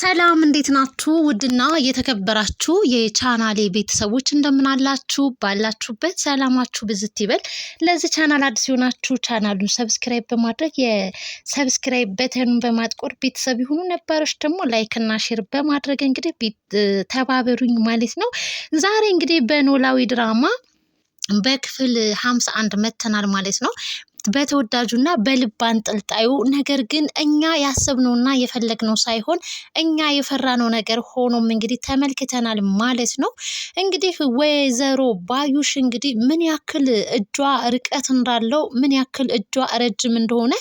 ሰላም እንዴት ናችሁ? ውድና የተከበራችሁ የቻናሌ ቤተሰቦች እንደምናላችሁ፣ ባላችሁበት ሰላማችሁ ብዝት ይበል። ለዚህ ቻናል አዲስ የሆናችሁ ቻናሉን ሰብስክራይብ በማድረግ የሰብስክራይብ በተኑን በማጥቆር ቤተሰብ የሆኑ ነባሮች ደግሞ ላይክና ሼር በማድረግ እንግዲህ ተባበሩኝ ማለት ነው። ዛሬ እንግዲህ በኖላዊ ድራማ በክፍል ሀምሳ አንድ መተናል ማለት ነው። በተወዳጁና በልብ አንጠልጣዩ ነገር ግን እኛ ያሰብነውና የፈለግነው ሳይሆን እኛ የፈራነው ነገር ሆኖም እንግዲህ ተመልክተናል ማለት ነው። እንግዲህ ወይዘሮ ባዩሽ እንግዲህ ምን ያክል እጇ ርቀት እንዳለው ምን ያክል እጇ ረጅም እንደሆነ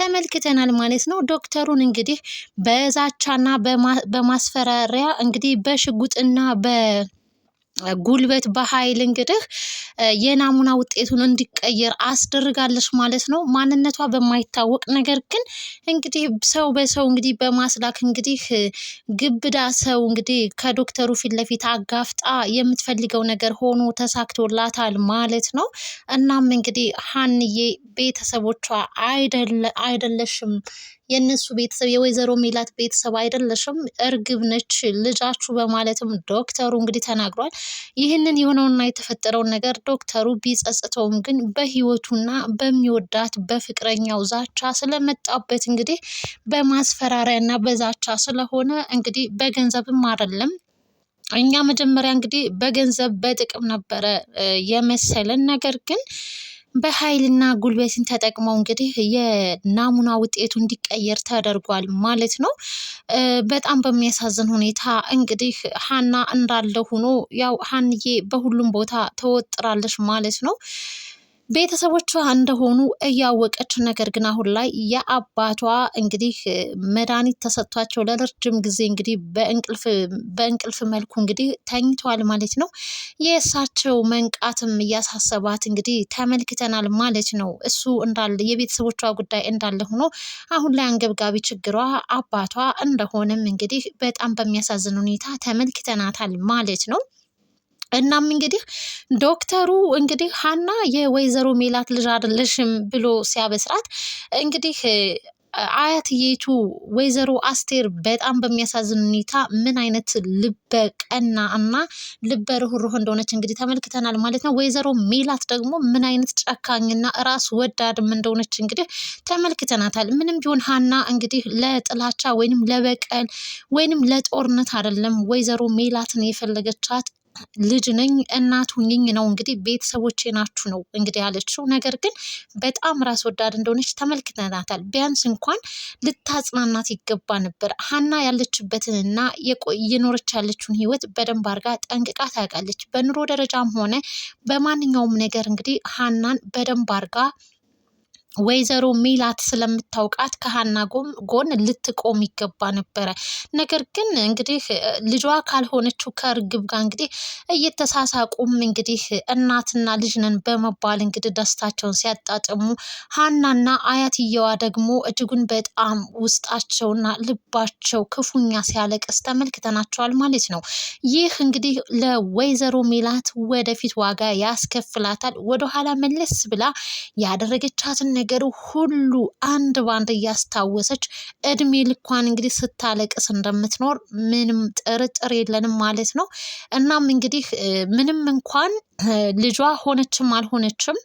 ተመልክተናል ማለት ነው። ዶክተሩን እንግዲህ በዛቻና በማስፈራሪያ እንግዲህ በሽጉጥና በ ጉልበት በኃይል እንግዲህ የናሙና ውጤቱን እንዲቀየር አስደርጋለች ማለት ነው። ማንነቷ በማይታወቅ ነገር ግን እንግዲህ ሰው በሰው እንግዲህ በማስላክ እንግዲህ ግብዳ ሰው እንግዲህ ከዶክተሩ ፊት ለፊት አጋፍጣ የምትፈልገው ነገር ሆኖ ተሳክቶላታል ማለት ነው። እናም እንግዲህ ሀንዬ ቤተሰቦቿ አይደለሽም የእነሱ ቤተሰብ የወይዘሮ ሚላት ቤተሰብ አይደለሽም፣ እርግብ ነች ልጃችሁ በማለትም ዶክተሩ እንግዲህ ተናግሯል። ይህንን የሆነውና የተፈጠረውን ነገር ዶክተሩ ቢጸጽተውም ግን በህይወቱና በሚወዳት በፍቅረኛው ዛቻ ስለመጣበት እንግዲህ በማስፈራሪያና በዛቻ ስለሆነ እንግዲህ በገንዘብም አይደለም እኛ መጀመሪያ እንግዲህ በገንዘብ በጥቅም ነበረ የመሰለን ነገር ግን በኃይልና ጉልበትን ተጠቅመው እንግዲህ የናሙና ውጤቱ እንዲቀየር ተደርጓል ማለት ነው። በጣም በሚያሳዝን ሁኔታ እንግዲህ ሀና እንዳለ ሆኖ ያው ሀንዬ በሁሉም ቦታ ተወጥራለች ማለት ነው። ቤተሰቦቿ እንደሆኑ እያወቀች ነገር ግን አሁን ላይ የአባቷ እንግዲህ መድኃኒት ተሰጥቷቸው ለረጅም ጊዜ እንግዲህ በእንቅልፍ በእንቅልፍ መልኩ እንግዲህ ተኝተዋል ማለት ነው። የእሳቸው መንቃትም እያሳሰባት እንግዲህ ተመልክተናል ማለት ነው። እሱ እንዳለ የቤተሰቦቿ ጉዳይ እንዳለ ሆኖ አሁን ላይ አንገብጋቢ ችግሯ አባቷ እንደሆነም እንግዲህ በጣም በሚያሳዝን ሁኔታ ተመልክተናታል ማለት ነው። እናም እንግዲህ ዶክተሩ እንግዲህ ሀና የወይዘሮ ሜላት ልጅ አይደለሽም ብሎ ሲያበስራት እንግዲህ አያትዬቱ ወይዘሮ አስቴር በጣም በሚያሳዝን ሁኔታ ምን አይነት ልበ ቀና እና ልበ ርኅሩህ እንደሆነች እንግዲህ ተመልክተናል ማለት ነው። ወይዘሮ ሜላት ደግሞ ምን አይነት ጨካኝና ራስ ወዳድም እንደሆነች እንግዲህ ተመልክተናታል። ምንም ቢሆን ሀና እንግዲህ ለጥላቻ ወይንም ለበቀል ወይንም ለጦርነት አይደለም ወይዘሮ ሜላትን የፈለገቻት ልጅ ነኝ እናቱ ኝኝ ነው እንግዲህ ቤተሰቦቼ ናችሁ ነው እንግዲህ ያለችው። ነገር ግን በጣም ራስ ወዳድ እንደሆነች ተመልክተናታል። ቢያንስ እንኳን ልታጽናናት ይገባ ነበር። ሀና ያለችበትንና እየኖረች ያለችውን ህይወት በደንብ አርጋ ጠንቅቃ ታውቃለች። በኑሮ ደረጃም ሆነ በማንኛውም ነገር እንግዲህ ሀናን በደንብ አድርጋ ወይዘሮ ሜላት ስለምታውቃት ከሀና ጎን ልትቆም ይገባ ነበረ። ነገር ግን እንግዲህ ልጇ ካልሆነችው ከእርግብ ጋር እንግዲህ እየተሳሳቁም እንግዲህ እናትና ልጅ ነን በመባል እንግዲህ ደስታቸውን ሲያጣጥሙ፣ ሀናና አያትየዋ ደግሞ እጅጉን በጣም ውስጣቸውና ልባቸው ክፉኛ ሲያለቅስ ተመልክተናቸዋል ማለት ነው። ይህ እንግዲህ ለወይዘሮ ሜላት ወደፊት ዋጋ ያስከፍላታል። ወደኋላ መለስ ብላ ያደረገቻትን ነገሩ ሁሉ አንድ ባንድ እያስታወሰች እድሜ ልኳን እንግዲህ ስታለቅስ እንደምትኖር ምንም ጥርጥር የለንም ማለት ነው። እናም እንግዲህ ምንም እንኳን ልጇ ሆነችም አልሆነችም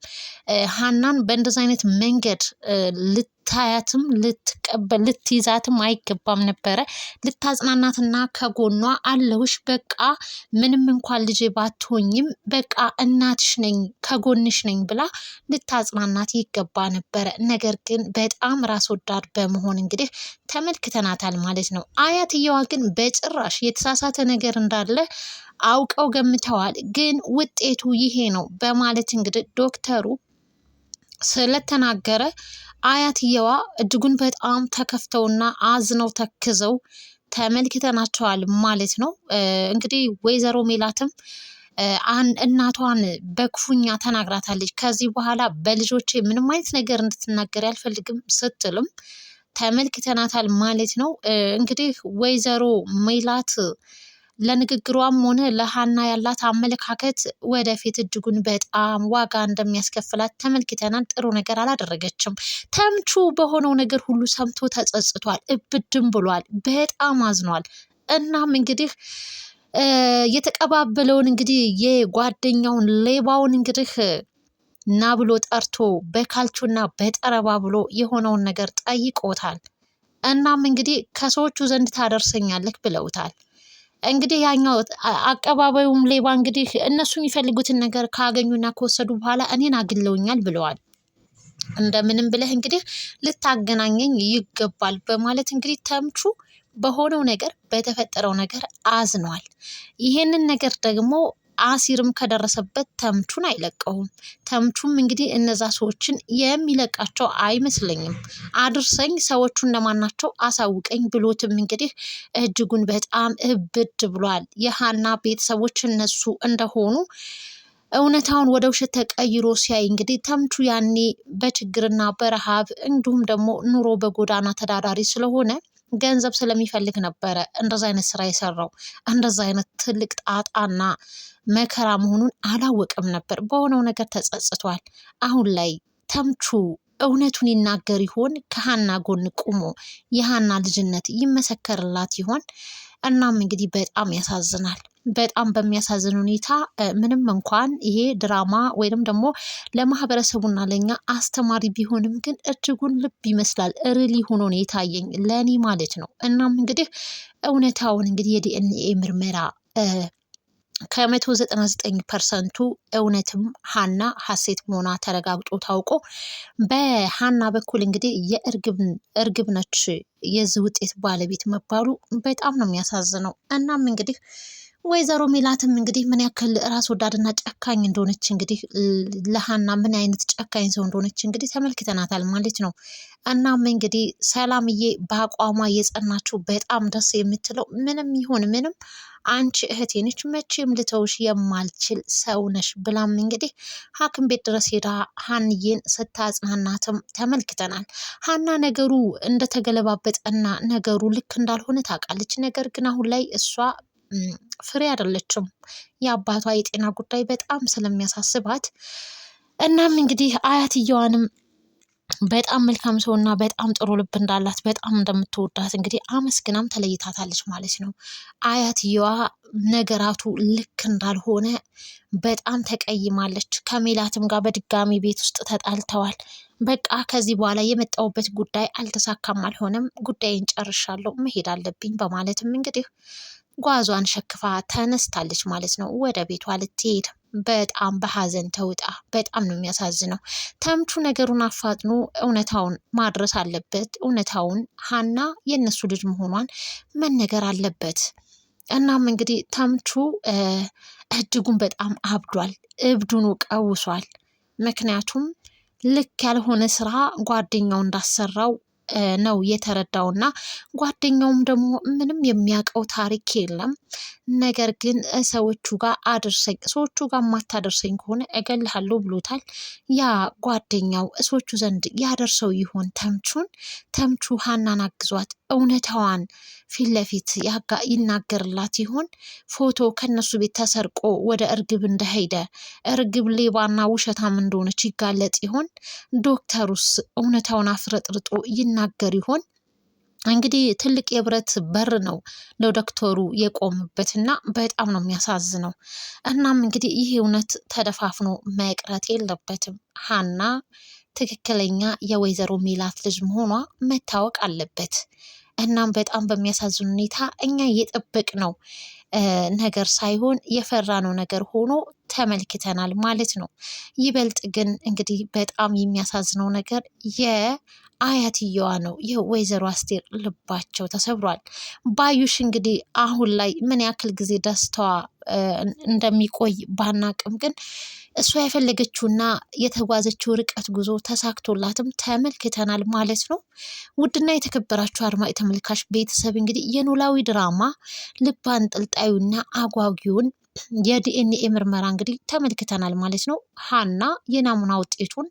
ሀናን በእንደዚ አይነት መንገድ ልታያትም ልትቀበል ልትይዛትም አይገባም ነበረ። ልታጽናናትና ከጎኗ አለውሽ በቃ ምንም እንኳን ልጅ ባትሆኝም በቃ እናትሽ ነኝ ከጎንሽ ነኝ ብላ ልታጽናናት ይገባ ነበረ። ነገር ግን በጣም ራስ ወዳድ በመሆን እንግዲህ ተመልክተናታል ማለት ነው። አያትየዋ ግን በጭራሽ የተሳሳተ ነገር እንዳለ አውቀው ገምተዋል። ግን ውጤቱ ይሄ ነው በማለት እንግዲህ ዶክተሩ ስለተናገረ አያትየዋ እጅጉን በጣም ተከፍተውና አዝነው ተክዘው ተመልክተናቸዋል ማለት ነው። እንግዲህ ወይዘሮ ሜላትም እናቷን በክፉኛ ተናግራታለች። ከዚህ በኋላ በልጆቼ ምንም አይነት ነገር እንድትናገር አልፈልግም ስትልም ተመልክተናታል ማለት ነው። እንግዲህ ወይዘሮ ሜላት ለንግግሯም ሆነ ለሀና ያላት አመለካከት ወደፊት እጅጉን በጣም ዋጋ እንደሚያስከፍላት ተመልክተናል። ጥሩ ነገር አላደረገችም። ተምቹ በሆነው ነገር ሁሉ ሰምቶ ተጸጽቷል፣ እብድም ብሏል፣ በጣም አዝኗል። እናም እንግዲህ የተቀባበለውን እንግዲህ የጓደኛውን ሌባውን እንግዲህ እና ብሎ ጠርቶ በካልቾና በጠረባ ብሎ የሆነውን ነገር ጠይቆታል። እናም እንግዲህ ከሰዎቹ ዘንድ ታደርሰኛለህ ብለውታል። እንግዲህ ያኛው አቀባባዩም ሌባ እንግዲህ እነሱ የሚፈልጉትን ነገር ካገኙና ከወሰዱ በኋላ እኔን አግለውኛል ብለዋል። እንደምንም ብለህ እንግዲህ ልታገናኘኝ ይገባል በማለት እንግዲህ ተምቹ በሆነው ነገር በተፈጠረው ነገር አዝኗል። ይሄንን ነገር ደግሞ አሲርም ከደረሰበት ተምቹን አይለቀውም። ተምቹም እንግዲህ እነዛ ሰዎችን የሚለቃቸው አይመስለኝም። አድርሰኝ፣ ሰዎቹ እንደማናቸው አሳውቀኝ ብሎትም እንግዲህ እጅጉን በጣም እብድ ብሏል። የሀና ቤተሰቦች እነሱ እንደሆኑ እውነታውን ወደ ውሸት ተቀይሮ ሲያይ እንግዲህ ተምቹ ያኔ በችግርና በረሃብ እንዲሁም ደግሞ ኑሮ በጎዳና ተዳዳሪ ስለሆነ ገንዘብ ስለሚፈልግ ነበረ እንደዛ አይነት ስራ የሰራው። እንደዛ አይነት ትልቅ ጣጣና መከራ መሆኑን አላወቅም ነበር። በሆነው ነገር ተጸጽቷል። አሁን ላይ ተምቹ እውነቱን ይናገር ይሆን? ከሀና ጎን ቁሞ የሀና ልጅነት ይመሰከርላት ይሆን? እናም እንግዲህ በጣም ያሳዝናል። በጣም በሚያሳዝን ሁኔታ ምንም እንኳን ይሄ ድራማ ወይም ደግሞ ለማህበረሰቡና ለኛ አስተማሪ ቢሆንም ግን እጅጉን ልብ ይመስላል ርሊ ሆኖ ነው የታየኝ ለእኔ ማለት ነው። እናም እንግዲህ እውነታውን እንግዲህ የዲኤንኤ ምርመራ ከመቶ ዘጠና ዘጠኝ ፐርሰንቱ እውነትም ሀና ሀሴት መሆኗ ተረጋግጦ ታውቆ በሀና በኩል እንግዲህ የእርግብ ነች የዚህ ውጤት ባለቤት መባሉ በጣም ነው የሚያሳዝነው። እናም እንግዲህ ወይዘሮ ሜላትም እንግዲህ ምን ያክል ራስ ወዳድና ጨካኝ እንደሆነች እንግዲህ ለሀና ምን አይነት ጨካኝ ሰው እንደሆነች እንግዲህ ተመልክተናታል ማለት ነው። እናም እንግዲህ ሰላምዬ በአቋሟ የጸናችው በጣም ደስ የምትለው ምንም ይሁን ምንም አንቺ እህቴ ነች፣ መቼም ልተውሽ የማልችል ሰው ነሽ ብላም እንግዲህ ሐኪም ቤት ድረስ ሄዳ ሀንዬን ስታጽናናትም ተመልክተናል። ሀና ነገሩ እንደተገለባበጠና ነገሩ ልክ እንዳልሆነ ታውቃለች። ነገር ግን አሁን ላይ እሷ ፍሬ አይደለችም። የአባቷ የጤና ጉዳይ በጣም ስለሚያሳስባት እናም እንግዲህ አያትየዋንም በጣም መልካም ሰው እና በጣም ጥሩ ልብ እንዳላት በጣም እንደምትወዳት እንግዲህ አመስግናም ተለይታታለች ማለት ነው። አያትየዋ ነገራቱ ልክ እንዳልሆነ በጣም ተቀይማለች። ከሜላትም ጋር በድጋሚ ቤት ውስጥ ተጣልተዋል። በቃ ከዚህ በኋላ የመጣውበት ጉዳይ አልተሳካም፣ አልሆነም፣ ጉዳይን ጨርሻለሁ፣ መሄድ አለብኝ በማለትም እንግዲህ ጓዟን ሸክፋ ተነስታለች ማለት ነው። ወደ ቤቷ ልትሄድ በጣም በሀዘን ተውጣ፣ በጣም ነው የሚያሳዝነው። ተምቹ ነገሩን አፋጥኖ እውነታውን ማድረስ አለበት። እውነታውን ሀና የእነሱ ልጅ መሆኗን መነገር አለበት። እናም እንግዲህ ተምቹ እጅጉን በጣም አብዷል። እብዱኑ ቀውሷል። ምክንያቱም ልክ ያልሆነ ስራ ጓደኛው እንዳሰራው ነው የተረዳውና ጓደኛውም ደግሞ ምንም የሚያውቀው ታሪክ የለም። ነገር ግን ሰዎቹ ጋር አድርሰኝ፣ ሰዎቹ ጋር ማታደርሰኝ ከሆነ እገልሃለሁ ብሎታል። ያ ጓደኛው ሰዎቹ ዘንድ ያደርሰው ይሆን ተምቹን? ተምቹ ሀናን አግዟት እውነታዋን ፊት ለፊት ይናገርላት ይሆን? ፎቶ ከነሱ ቤት ተሰርቆ ወደ እርግብ እንደሄደ እርግብ ሌባና ውሸታም እንደሆነች ይጋለጥ ይሆን? ዶክተሩስ እውነታውን አፍረጥርጦ ይናገር ይሆን? እንግዲህ ትልቅ የብረት በር ነው ለዶክተሩ የቆምበት እና በጣም ነው የሚያሳዝነው። እናም እንግዲህ ይህ እውነት ተደፋፍኖ መቅረት የለበትም። ሀና ትክክለኛ የወይዘሮ ሜላት ልጅ መሆኗ መታወቅ አለበት። እናም በጣም በሚያሳዝን ሁኔታ እኛ የጠበቅነው ነገር ሳይሆን የፈራነው ነገር ሆኖ ተመልክተናል ማለት ነው። ይበልጥ ግን እንግዲህ በጣም የሚያሳዝነው ነገር የ አያትየዋ ነው። የወይዘሮ ወይዘሮ አስቴር ልባቸው ተሰብሯል። ባዩሽ እንግዲህ አሁን ላይ ምን ያክል ጊዜ ደስታዋ እንደሚቆይ ባናቅም ግን እሷ የፈለገችውና የተጓዘችው ርቀት ጉዞ ተሳክቶላትም ተመልክተናል ማለት ነው። ውድና የተከበራችሁ አድማጭ ተመልካች ቤተሰብ እንግዲህ የኖላዊ ድራማ ልብ አንጠልጣዩና አጓጊውን የዲኤንኤ ምርመራ እንግዲህ ተመልክተናል ማለት ነው። ሀና የናሙና ውጤቱን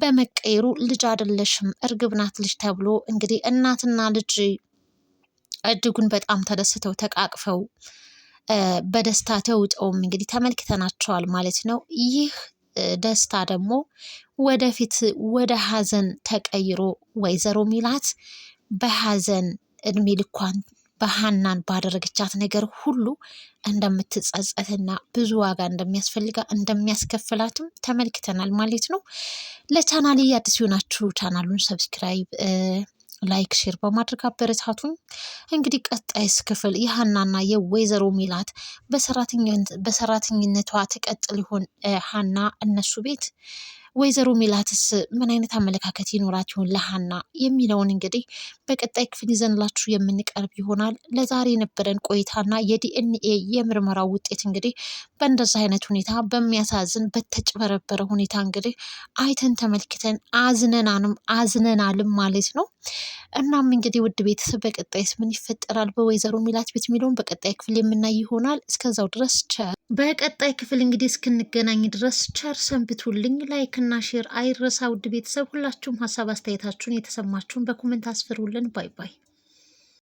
በመቀየሩ ልጅ አይደለሽም እርግብናት ልጅ ተብሎ እንግዲህ እናትና ልጅ እጅጉን በጣም ተደስተው ተቃቅፈው በደስታ ተውጠውም እንግዲህ ተመልክተናቸዋል ማለት ነው። ይህ ደስታ ደግሞ ወደፊት ወደ ሀዘን ተቀይሮ ወይዘሮ ሚላት በሀዘን እድሜ ልኳን በሀናን ባደረገቻት ነገር ሁሉ እንደምትጸጸትና ብዙ ዋጋ እንደሚያስፈልጋ እንደሚያስከፍላትም ተመልክተናል ማለት ነው። ለቻናል አዲስ የሆናችሁ ቻናሉን ሰብስክራይብ፣ ላይክ፣ ሼር በማድረግ አበረታቱም። እንግዲህ ቀጣይስ ክፍል የሀናና የወይዘሮ ሚላት በሰራተኝነቷ ትቀጥል ይሆን ሀና እነሱ ቤት ወይዘሮ ሜላትስ ምን አይነት አመለካከት ይኖራቸውን ለሀና የሚለውን እንግዲህ በቀጣይ ክፍል ይዘንላችሁ የምንቀርብ ይሆናል። ለዛሬ የነበረን ቆይታና የዲኤንኤ የምርመራ ውጤት እንግዲህ በእንደዛ አይነት ሁኔታ በሚያሳዝን በተጭበረበረ ሁኔታ እንግዲህ አይተን ተመልክተን አዝነናንም አዝነናልም ማለት ነው። እናም እንግዲህ ውድ ቤተሰብ በቀጣይስ ምን ይፈጠራል በወይዘሮ ሜላት ቤት የሚለውን በቀጣይ ክፍል የምናይ ይሆናል። እስከዛው ድረስ ቸር በቀጣይ ክፍል እንግዲህ እስክንገናኝ ድረስ ቸር ሰንብቱልኝ። ላይክና ሼር አይረሳ። ውድ ቤተሰብ ሁላችሁም ሀሳብ አስተያየታችሁን የተሰማችሁን በኮመንት አስፍሩልን። ባይ ባይ።